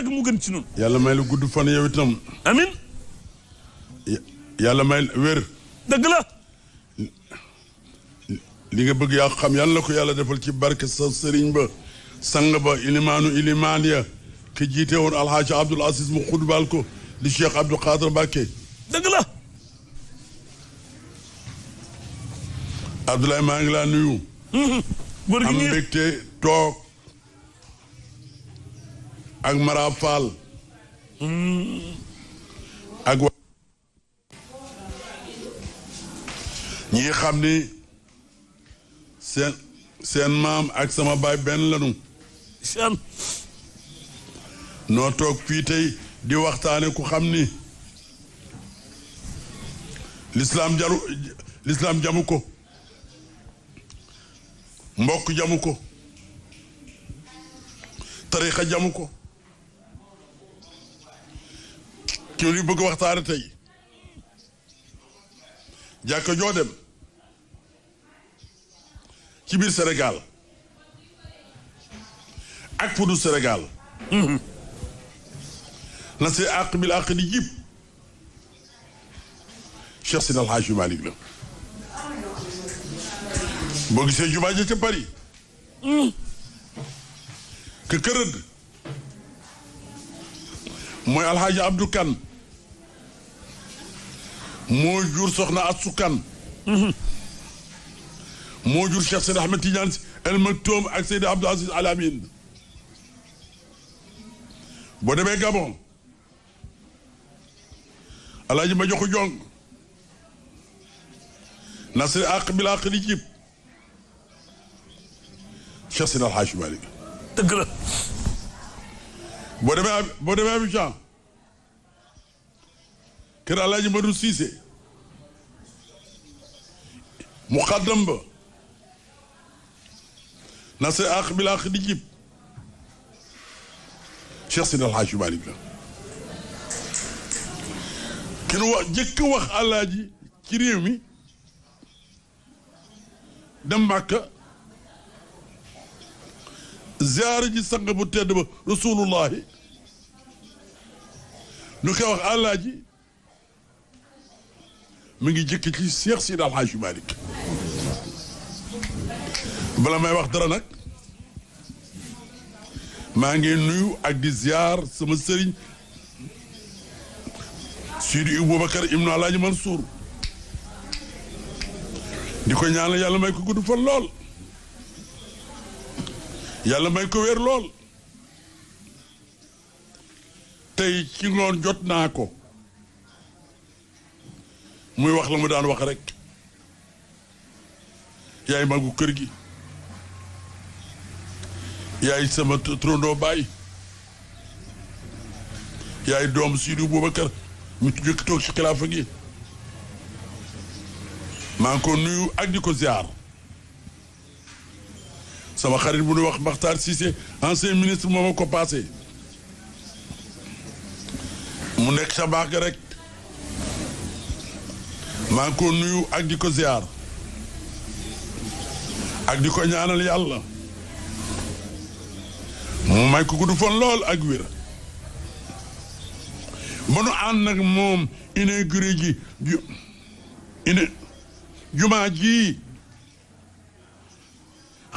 yàgg mu yàlla may la gudd fan yow itam. amin yàlla may wér. dëgg la. li nga bëgg yaa xam yàlla na ko yàlla defal ci barke sa sëriñ ba ilimaanu ilimaan ki jiite woon alxaaji abdul asis mu xudbaal ko di cheikh abdul xaadir mbàkke dëgg la abdoulaye maa ngi laa ak Mara Fall ak wa ñi xam ni seen maam ak sama baay benn lanu seen noo toog fii di waxtaane ku xam ni lislaam lislaam jamu ko mbokk jamu ko tarixa jamu ko ci lu bëgg waxtaane tey jàkka joo dem ci biir Sénégal ak fu du Sénégal na mhm. see àq bil àq di jib Cheikh Sina Alhaji Malick la boo gisee jumaa ja ca Paris mhm. ke mooy Alhaji Abdou Kane moo jur soxna Astou Kane moo jur Cheikh Seydi Ahmed Tidiane El Maktoum ak Seydi Abdou Aziz Al Amine boo demee Gabon alaaji ma joxu jong nasri àq bi làq di jib Cheikh Seydi Alhaji Malick dëgg la boo demee boo demee Abidjan kër alaaji Badou Cissé muqaddam ba na se aq bi laq di jib Cheikh Sidi El Hadj Malick la ki nu wax jëkk wax alaaji ci réew mi dem Màkka ziyaara ji sang bu tedd ba rasulullahi lu koy wax alaaji mi ngi jëkki ci Cheikh Sidi El Hadj Malick bala may wax dara nag maa ngi nuyu ak di ziar sama sëriñ Sidi Aboubacar Ibnu Alaaji Mansour di ko ñaanal yàlla may ko gudd fan lool yàlla may ko wér lool tey ci ngoon jot naa ko muy wax la mu daan wax rek yaay magu kër gi yay sama trondoo baay yaay doom Sidou Boubacar mu jëkk toog ci xilaafa maa ngi ko nuyu ak di ko ziar sama xarit bu nu wax Makhtar Cissé ancien ministre moo ma ko passé mu nekk sa baax ga rek maa ko nuyu ak di ko ziar ak di ko ñaanal yàlla mu may ko gudd lool ak wér ba nu moom inauguré ji ju jumaa ji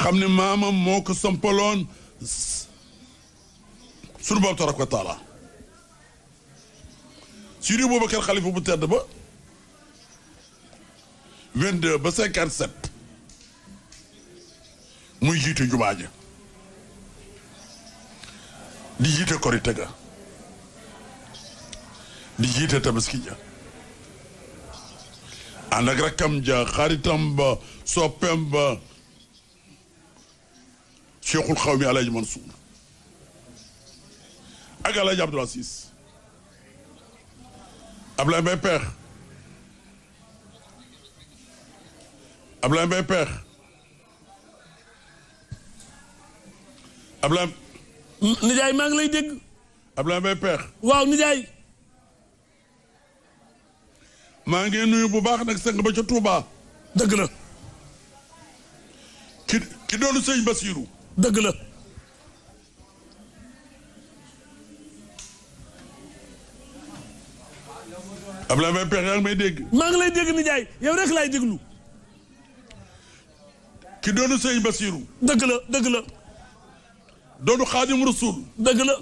xam ne maamam moo ko sampaloon sunu bopp tabaraka wa taala Seydi Boubacar xalifa bu tedd ba 22 ba 57 muy jiite jumaa ja di jiite korite ga di jiite tabaski ja ànd ak rakkam ja xaritam ba soppem ba cheikhul xaw mi alaaji Mansour ak alaaji Abdoul Aziz Ablaye Mbaye Pekh Ablaye Mbaye Peex Ablaye. Nijaay maa ngi lay dégg. Ablaye Mbaye Peex. waaw Nijaay. maa ngi nuyu bu baax nag sëñ ba ca Touba. dëgg la. ki ki doonu sëñ Basiiru. dëgg la. Ablaye Mbaye Peex yaa ngi may dégg. maa ngi lay dégg Nijaay yow rek laay déglu. ki doonu sëñ Basiiru dëgg la dëgg la doonu xaadim rasul dëgg la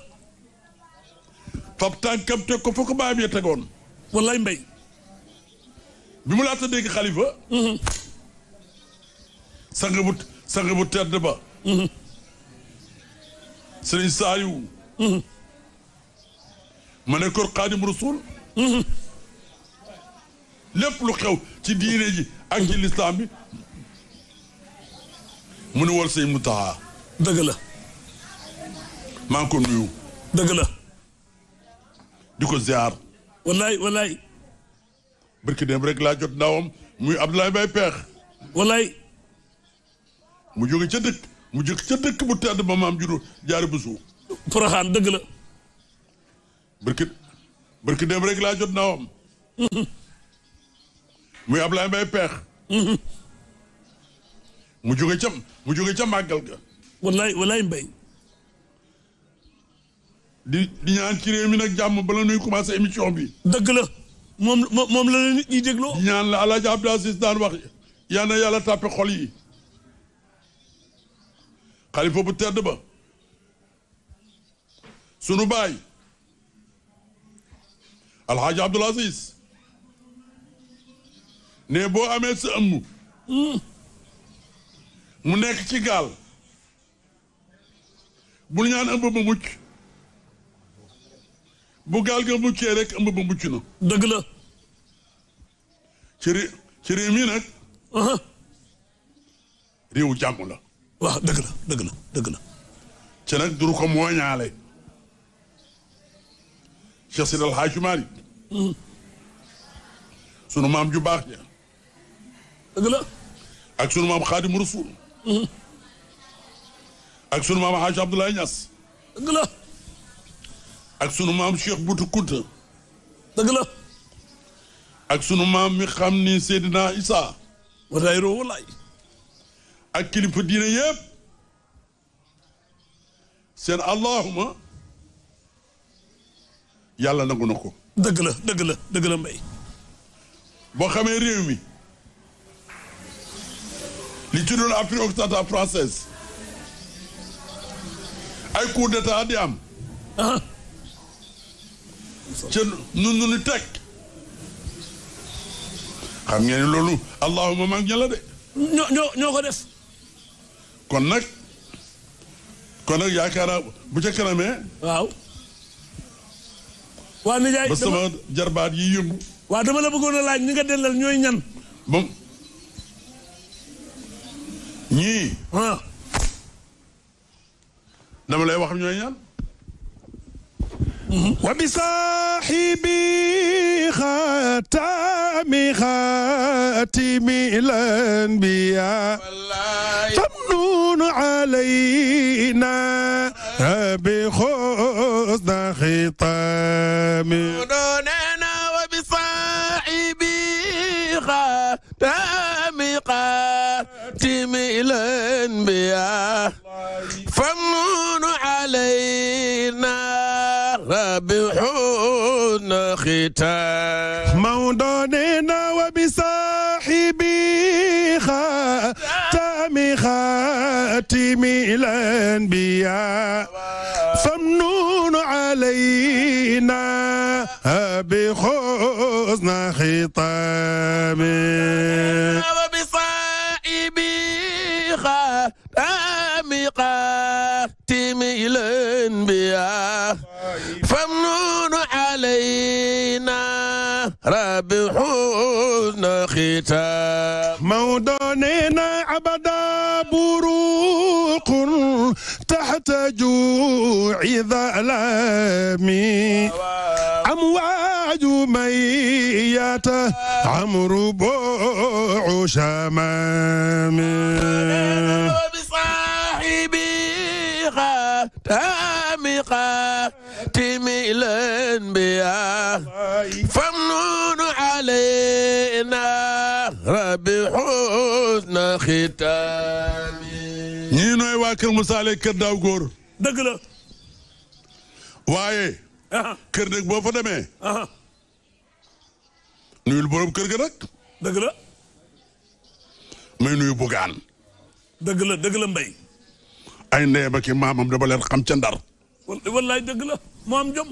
fab tànkam teg ko fa ko baam tegoon wallaay mbay bi mu laata dégg xalifa mhm. sang bu sang bu tedd ba mhm. sëriñ Saaliw mhm. ma ne kor xaadim rasul lépp lu xew ci diine ak ci lislaam bi mu nu wool sëñ Mountakha dëgg la maa ngi ko nuyu dëgg la di ko ziar wallaay wallaay barki dem rek laa jot ndawam muy Abdoulaye Mbaye Peex wallaay mu jóge ca mu jóge ca dëkk bu tedd ba maam juru jaari busu poroxaan dëgg la barki barki rek laa jot ndawam muy Abdoulaye Mbaye Peex mu jóge cam mu jóge ca màggal ga. wallaay wallaay mbay. di di ñaan ci réew mi nag jàmm bala nuy commencé émission bi. dëgg la moom moom la la di ñaan la Alaaji Abdou Aziz daan wax yal na yàlla tàppe xol yi xalifa bu tedd ba sunu baay Alaaji Abdou Aziz ne boo amee sa ëmm. Hmm. mu nekk ci gaal bul ñaan ëmb ba mucc bu gaal ga muccee rek ëmb ba mucc na. dëgg la. ci ré ci réew mi nag. réewu jàngu la. waaw dëgg dëgg la dëgg la. ci nag duru ko mooñaale. Cheikh Seydi El Hadji Malick. Hmm. sunu maam ju baax ja. dëgg ak sunu maam Xaadimu Rasuul ak sunu maam Hadj Abdoulaye Niass. dëgg ak sunu maam Cheikh Boutou Kounta. dëgg ak sunu maam mi xam ni Seydina Issa. walaay roo walaay. ak kilifa diine yëpp. seen allahuma. yàlla nangu na ko. dëgg la dëgg la dëgg mbay. boo xamee réew mi. les tunnels à prix octata française ay coup d'état à am Nous nous nu ni teg xam ngeen ni Allah allahuma mag ña la de ñoo non, non, non, non, kon nag kon nag yaakaara bu ca kanamee waaw waa nijaay ba jarbaat yi yëngu dama la bëggoon a laaj nga ñan ñii dama lay wax ñooy ñaan وبصاحب ختام خاتم الأنبياء فمنون علينا بخصد ختام دوننا وبصاحب ختام خاتم الأنبياء فمن علينا ربحون ختام موضوعنا وبصاحبي خاتم خاتم الأنبياء فمنون علينا بخوزنا ختام خاتم الانبياء فمنون علينا رب حسن ختام موضوعنا ابدا بروق تحت جوع ظلامي امواج ميت عمرو بوع شمامي ميقات الأنبياء فمنون علينا ربي حسن ختامي ñii nooy waa kër Moussa Leye kër daaw góor dëgg la waaye kër nag boo fa demee nuyul borom kër ga nag dëgg la may nuyu bugaan dëgg la dëgg la mbay ay ndeyam ak maamam dama leen xam ca ndar. wallaay dëgg la mu am jom.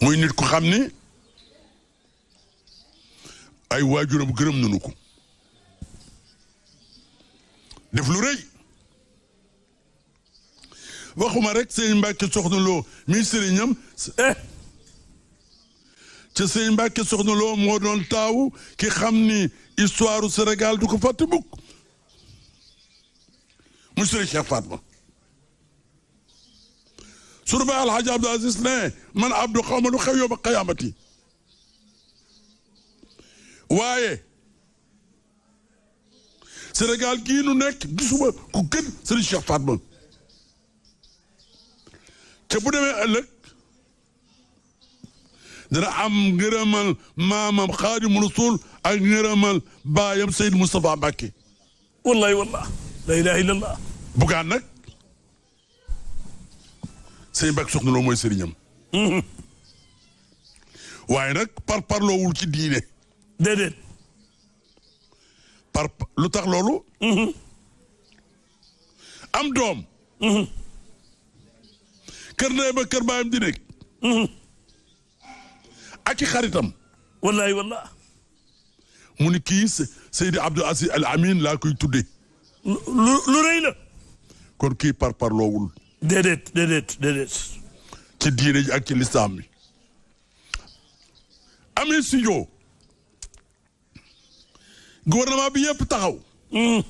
muy nit ku xam ni ay waajuram gërëm nañu ko. def lu rëy. waxuma rek sëñ Mbacke soxna loo mi sëriñam ci sëñ Mbacke soxna loo moo doon taaw ki xam ni histoire du Sénégal du ko fàtte mukk mu sëriñ Cheikh Fatma سرباء الحجاب عبد العزيز من عبد القوم نخي يوم قيامتي واي سرقال كي نو نيك غيسوما كو گن سيري شيخ فاطمه تي بو الك دنا ام غيرمال مامم خادم الرسول اك غيرمال بايام سيد مصطفى باكي والله والله لا اله الا الله بوغان نك sëñ Mbàkke Soxna Lo mooy sëriñam. waaye nag par parloowul ci diine. déedéet. lu tax loolu. Mm-hmm. am doom. Mm-hmm. kër ndey kër baayam di nekk. Mm-hmm. ak i xaritam. wallahi wallahi mu ni kii Seydi Abdou Aziz Al Amin laa koy tudde lu lu rëy la. kon kii par parloowul. déedéet déedéet déedéet ci diine ji ak ci lislaam bi amee studio gouvernement bi yëpp taxaw hmm.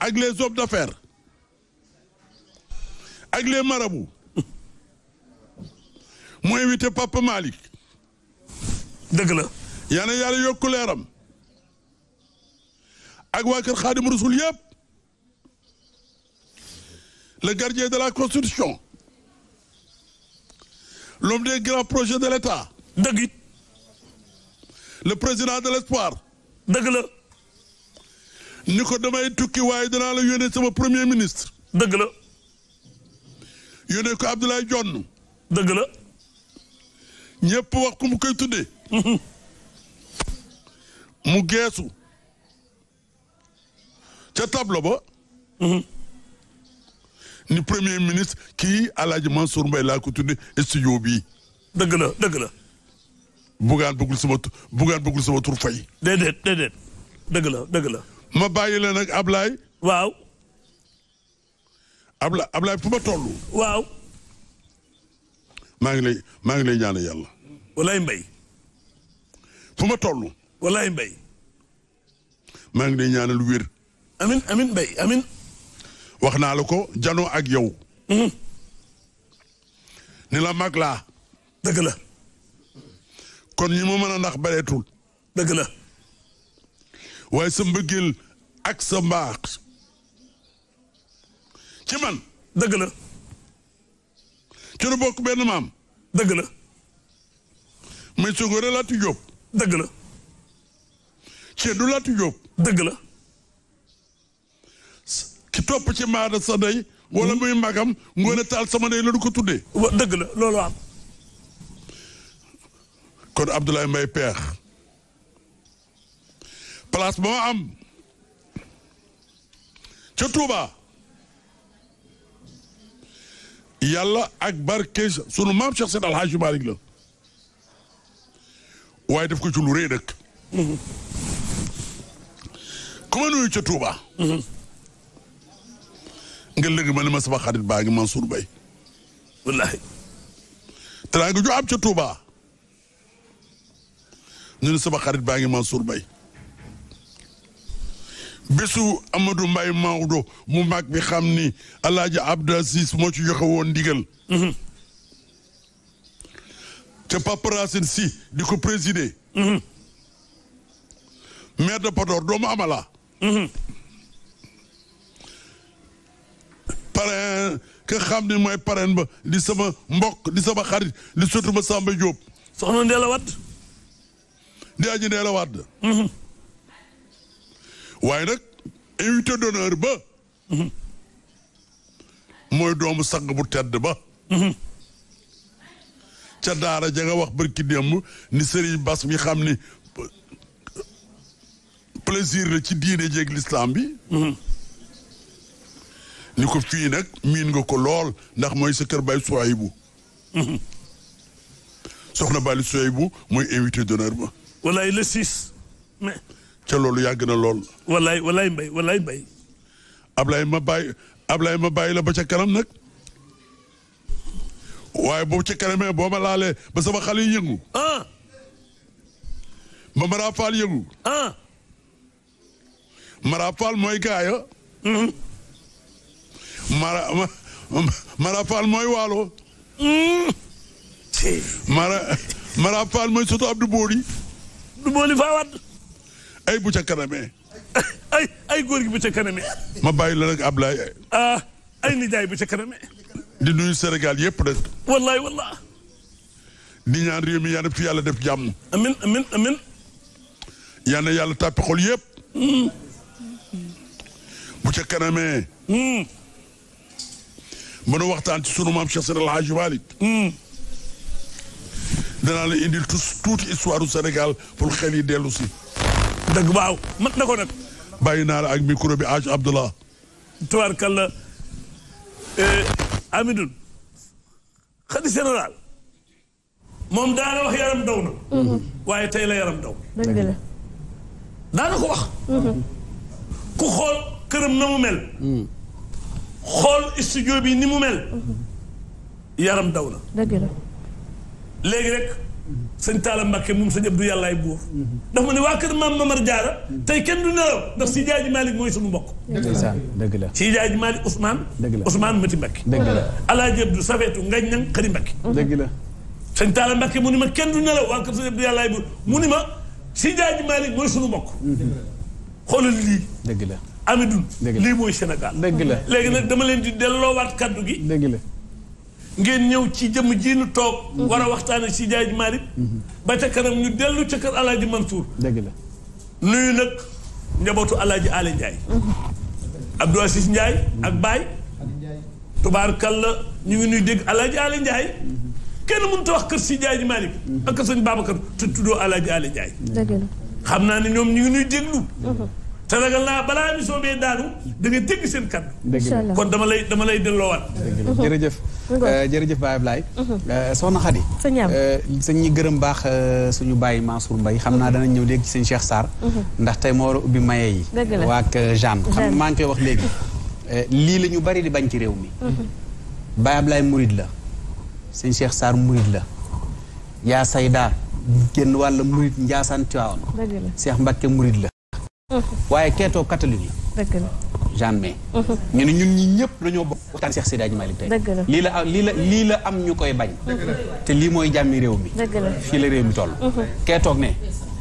ak les hommes d'affaires ak les marabouts mu hmm. invité Papa Malick dëgg la yaa na yàlla yokk leeram ak waa kër Xaadim Rasul yëpp le gardien de la Constitution, l'homme des grands projets de l'État. Le président de l'espoir. ni ko damay tukki le le la premier ministre. dëgg le yónnee ko Abdoulaye Dione. dëgg la. ñëpp wax ku koy C'est ni premier ministre kii Alaaji Mansour mbay laa ko tudde studio dëgg la dëgg la. bugaan bëggul sama bugaan bëggul fay. déedéet déedéet dëgg la dëgg ma bàyyi la nag Ablaye. waaw. Ablaye Ablaye fu ma toll. waaw. maa ngi lay maa ngi lay ñaan yàlla. walaay mbay. fu ma toll. walaay mbay. maa ngi lay ñaanal wér. amin amin mbay amin. wax naa la ko janoo ak yow. Hmm. ni la mag laa. dëgg la. kon ñi ma mën a ndax bareetul. dëgg la. waaye sa mbëggeel ak sa mbaax. ci man. dëgg la. ci nu bokk benn maam. dëgg la. mais su ko dëgg la. ci du laati dëgg la. ki topp ci maada sa day wala muy magam ngoone taal sama day la du ko tuddee dëgg la loolu am kon Abdoulaye Mbaye peex place ba ma am ca Touba yàlla ak barke sunu maam Cheikh Seydi Alhaaji Malick la waaye def ko ci lu rëy nag mhm. ku ma nuyu ca Touba mhm. nga léegi ma ne ma sama xarit baa ngi Mansour Mbaye wallaahi teraanga ca Touba ñu ne sama xarit baa ngi Mansour Mbaye bésu Amadou Mbaye Maodo mu mag bi xam ni El Hadj Abdou moo ci joxe woon ndigal. te mhm. Papa Racine Sy di ko présider. Mhm. maire de Podor doomu amala. Mhm. ke xam ne mooy parrain ba di sama mbokk di sama xarit di sotu Samba Diop. soxna ndela wat di aji ndela wat mhm. waaye nag invité d'honneur ba. Mhm. mooy doomu sang bu tedd ba. Mhm. ca daara ja nga wax barki démb ni Serigne Bass mi xam ni euh, plaisir la ci diine jeeg l'islam bi. ni ko fii nag miin nga ko lool ndax mooy sa kër Baye Souhaïbou soxna Baye bu mooy invité d'honneur ba walaay le six mais ca loolu yàgg na lool walaay walaay mbay walaay mbay Ablaye ma bàyyi Ablaye ma bàyyi la ba ca kanam nag waaye boobu ca kanamee boo ma laalee ba sama xale yi yëngu ah ba Mara Fall yëngu ah Mara mooy gaaya Hmm. Mara Mara mooy waalo. Mara Mara mooy soto Abdou Boli. Abdou Boli faa ay bu ca kanamee. ay ay góor gi bu ca kanamee. ma bàyyi la nag Ablaye. ah ay nijaay bu ca kanamee. di nuyu Sénégal yëpp de. wallaay wallaah. di ñaan réew mi yàlla fi yàlla def jàmm. amin amin amin yal na yàlla hmm. bu ca kanamee. Hmm. من وقت أنت سنو ما بشسر الحاج والد دنا لي اندي توس توت اسوارو سنغال بول خيلي ديلوسي دك باو ما نكو نك باينا لا اك ميكرو بي اج عبد الله تبارك الله ايه اميدون خدي جنرال موم دا لا وخ يارم دونا واي تاي لا يارم دو دنجله دا نكو وخ كو خول كرم نمو مل xool studio bi ni mu mel. yaram daw na. dëgg la. léegi rek sëñ Talla Mbacke moom sëñ Abdou yàllaay buur. ndax ma ne waa ma maam Mamar Diarra. tey kenn du nelaw ndax si jaaji Malick mooy suñu mbokk. dëgg la si jaaji Malick Ousmane. dëgg la Ousmane Mati Mbacke. dëgg la Alaaji Abdou Safetu Ngañ Nang Xari Mbacke. dëgg la. sëñ Talla Mbacke mu ni ma kenn du nelaw waa kër sëñ Abdou yàllaay buur mu ma si jaaji Malick mooy suñu mbokk. xoolal lii. dëgg la. Amidoune lii mooy senegal dëgg la léegi nag dama leen di delloo delloowaat kaddu gi dëgg la ngeen ñëw ci jëmm ji nu toog mhm. war a waxtaane si jaaji Malick mhm. ba ca kanam ñu dellu ca kër alaaji Mansour dëgg la nuyu nag njabootu alaaji Ale Ndiaye mhm. Abdou Aziz Ndiaye ak Baye la ñu ngi nuy dégg alaaji Ale Ndiaye kenn mënut a wax kër si jaaji Malick ak sëñ baabakat te tuddoo alaaji Ale Ndiaye dëgg xam naa ne ñoom ñu ngi nuy déglu te ragal naa balaa émission bee daanu da nga dégg seen kaddu. kon dama lay dama lay delloowaat. jërëjëf. Euh, jërëjëf Baye Ablaye. Euh, soxna Khady. sëñ euh, gërëm baax suñu bàyyi Mansour mbay xam naa danañ ñëw léegi ci seen Cheikh Sarr. ndax tey moo war a ubbi maye yi. waa la waak maa ngi koy wax léegi. lii la ñu bari di bañ ci réew mi. Baye Ablaye la. sëñ Cheikh Sarr Mouride la. yaa sayda génn wàll Mouride Ndiassane Thiawane. dëgg la Cheikh la. waaye keetoo catholique la. dëgg la jamais. ñu ñun ñi ñëpp lañoo bokk waxtaan Cheikh Seydi Hadji Malick lii la am lii la lii la am ñu koy bañ. te lii mooy jàmmi réew mi. dëgg la fii la réew mi toll. keetoog ne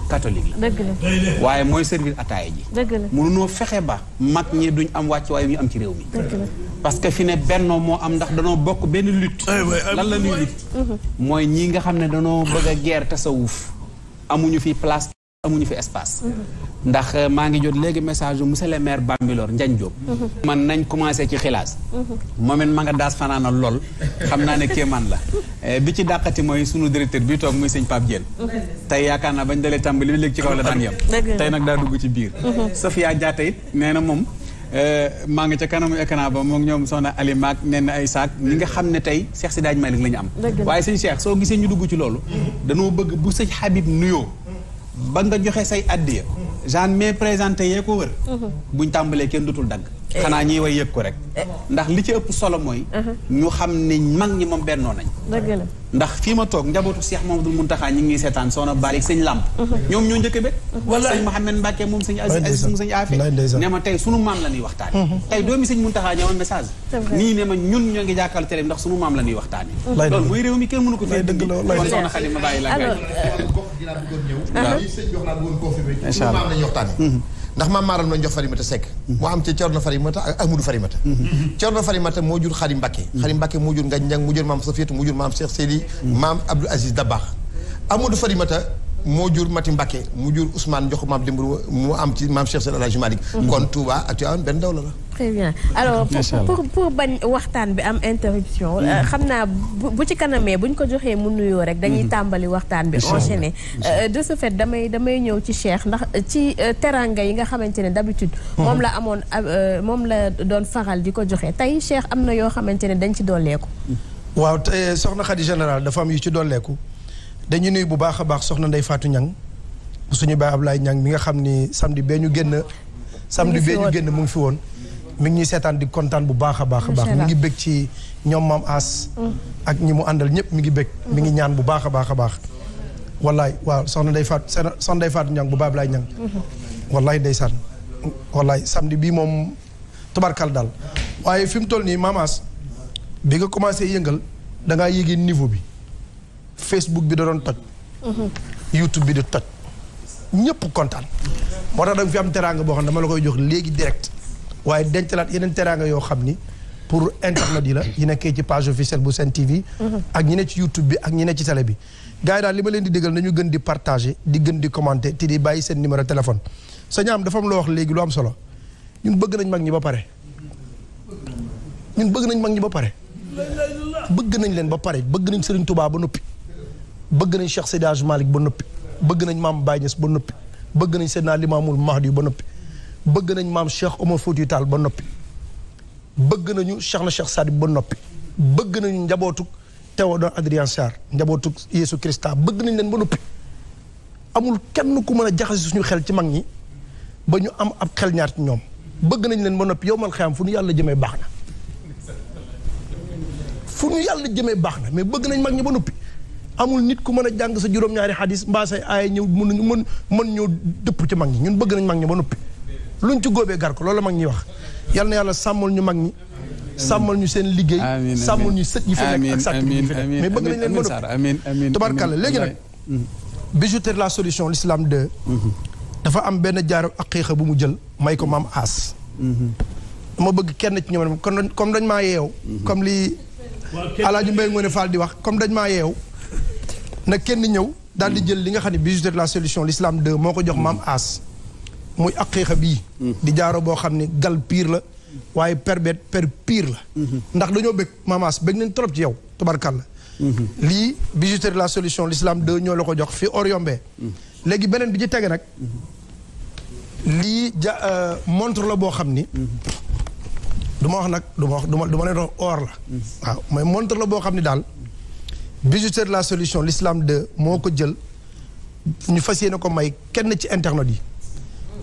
catholique la. waaye mooy servir ataaya ji. dëgg la mënunoo fexe ba mag ñi duñ am wàcc waaye ñu am ci réew mi. parce que fi ne bennoo moo am ndax danoo bokk benn lutte. Eh lan la ñuy mooy ñii nga xam ne danoo bëgg a guerre tasawuf amuñu fi place. amuñu fi espace ndax euh, maa ngi jot léegi message bu monsieur le maire Bambilor Ndiagne Diop man nañ commencé ci xilaas moom it ma nga daas fanaana lool xam naa ne kéemaan la euh, bi ci dàqati mooy sunu directeur bi toog muy sëñ Pape Diène tey yaakaar naa bañ dalee tàmbali léegi ci kaw la daan yem tey nag daa dugg ci biir Sofia Diatta it nee na moom euh, maa ngi ca kanamu écran ba moom ñoom soxna Ali Maak nee na ay saak ñi nga xam ne tey si Sidaaj Malick la lañu am waaye sëñ Cheikh soo gisee ñu dugg ci loolu danoo bëgg bu sëñ Habib nuyoo ba nga joxe say addiya genre mais présenté yee ko wër uh-huh. buñ tàmbalee kenn dutul dagg eh. xanaa ñiy way yëg ko rek eh. ndax li ci ëpp solo mooy uh-huh. ñu xam ne mag ñi moom bennoo nañ ndax fii ma toog njabootu Cheikh Mamadou Mountakha ñi ngi seetaan soxna Bali sëñ Lamp uh-huh. ñoom ñoo njëkk a bég wala sëñ Mouhamed Mbacke moom sëñ Aziz Aziz moom sëñ Afe ne ma tey sunu maam la ñuy waxtaane message nii ne ma ñun ñoo ngi jàkkaarloo télé ndax sunu maam la ñuy waxtaane loolu mooy waaw lii sëñ bi wax naa bëggoon confirmé. incha allah mhm. la ñuy waxtaanee. ndax maam maaram lañ jox Farimata Seck. moo mhm. am ci Cerno Farimata ak Ahmadou Farimata. Cerno mhm. Farimata moo jur Xarim Mbakke. Xarim Mbakke moo jur Ngañ Njang mu jur maam Safiyatu mu jur maam Cheikh Seydi. maam Abdou Aziz Dabakh. Ahmadou Farimata moo jur Mati Mbacké mu jur Ousmane jox maam Dembourou mu am ci maam Cheikh Seydi El Hadji Malick mhm. kon Touba ak Tivaouane benn dawla la très waxtaan bi am interruption mhm. euh, xam naa bu ci kanamee buñ ko joxee mu nuyoo rek dañuy mhm. tàmbali waxtaan bi enchaîné euh, de ce fait damay damay ñëw ci Cheikh ndax ci euh, teranga yi nga xamante ne d'habitude moom la amoon moom la doon faral di ko joxe tey Cheikh am na yoo xamante ne dañ ci dolleeku waaw tey soxna Khady général dafa am yi ci dolleeku dañu nuyu bu baaxa baax soxna Ndeye Fatou nyang bu suñu baye Ablaye Niang mi nga xamni ni samedi beñu genn samedi beñu genn mu ngi fi won mi ngi sétane di kontan bu baaxa a baax baax mi ngi bekk ci ñom mam as mm. ak ñi mu andal ñep mi ngi bekk mi ngi ñaan bu baaxa baaxa baax wallahi wa soxna Ndeye Fatou soxna Ndeye Fatou bu baay Ablaye nyang mm-hmm. wallahi ndeysaan wallahi samedi bi mom tabarkal dal waye fim mu toll nii as bi nga commencé yëngal da nga yéegee niveau bi Facebook bi da doon toj. YouTube bi di toj. ñëpp kontaan. moo tax da nga fi am teraanga boo xam ne dama la koy jox léegi direct. waaye dencalaat yeneen teraanga yoo xam ni pour internet yi la yi nekkee ci page officielle bu Sen TV. ak ñi ne ci YouTube bi ak ñi ne ci télé bi. gars yi daal li ma leen di déggal nañu gën di partager di gën di commenter te di bàyyi seen numéro téléphone. sa ñaam dafa am loo wax léegi lu am solo ñun bëgg nañ mag ñi ba pare. ñun bëgg nañ mag ñi ba pare. bëgg nañ leen ba pare bëgg nañ Serigne Touba ba noppi. bëgg nañ Cheikh Seydi Hadj Malick ba noppi bëgg nañ maam Baye Niass ba noppi bëgg nañ Seydina Limaamul Mahdi ba noppi bëgg nañ maam Cheikh Omar Foutiyou Tall ba noppi bëgg nañu Cheikh na Cheikh Sadib ba noppi bëgg nañu njabootu Théodore Adrien Sarr njabootu Yeesu Christa bëgg nañ leen ba noppi amul kenn ku mën a jaxase suñu xel ci mag ñi ba ñu am ab xel ñaat ñoom bëgg nañ leen ba noppi yow mal xeyam fu ñu yàlla jëmee baax na fu ñu yàlla jëmee baax na mais bëgg nañ mag ñi ba noppi amul nit ku meuna jang sa juróom-ñaari hadith mba say ay ñëw mënuñu mën mën ñoo depp ci mag ñi ñun bëgg nañ mag ñi ba nopi luñ ci góobee gar ko loolu mag ñi wax yalla na yalla samul ñu mag ñi sàmmal ñu seen liggéey samul ñu sët yi fa nek ak sàtt yi fa mais bëgg nañ leen ba noppi tabarakallah légui nak mm-hmm. bijouter la solution l'islam de mm-hmm. dafa am benn jaaru aqiiqa bu mu jël may ko maam aas mm-hmm. dama bëgg kenn ci ñoom kon comme dañ ma yew comme li alaaji mbey ngone fal di wax comme dañ ma yew na kenn ñew dal di hmm. jël li nga xam ne bijouterie de la solution l'islam de moko jox mam hmm. as muy aqiiqa habi hmm. di jaaro bo xamni gal pire la waye perbet per pire la ndax dañu bekk mam as bekk nañ trop ci yow tabarakallah li bijouterie de la solution l'islam de ñoo la ko jox fi yombé légui benen bi ci tégué nak li ja euh, montre la bo xamni ni do wax nak duma wax duma duma leen or la waaw mooy montre la bo xamni dal visiteur la solution l'islam de moko djel ñu fas yéene ko may kenn ci internet yi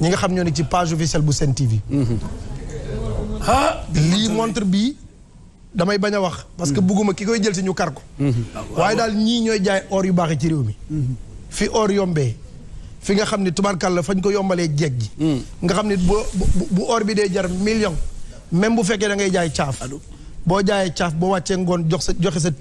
ñi nga xam ñoo ni ci page officielle bu Sen TV. ha li montre bi damay baña wax. parce que buguma ki koy djel ci ñu kar ko. Mm-hmm. waye dal ñi ñoy jaay or yu bax ci rew mi. Mm-hmm. fi or yombé fi nga xamni ne tubaarkàlla fañ ko yombalé jeeg gi mm. nga xamni bu bu or bi dee jar million même bu féké da ngay jaay caaf. bo jaay caaf bo wàccee ngone jox sa joxe sa.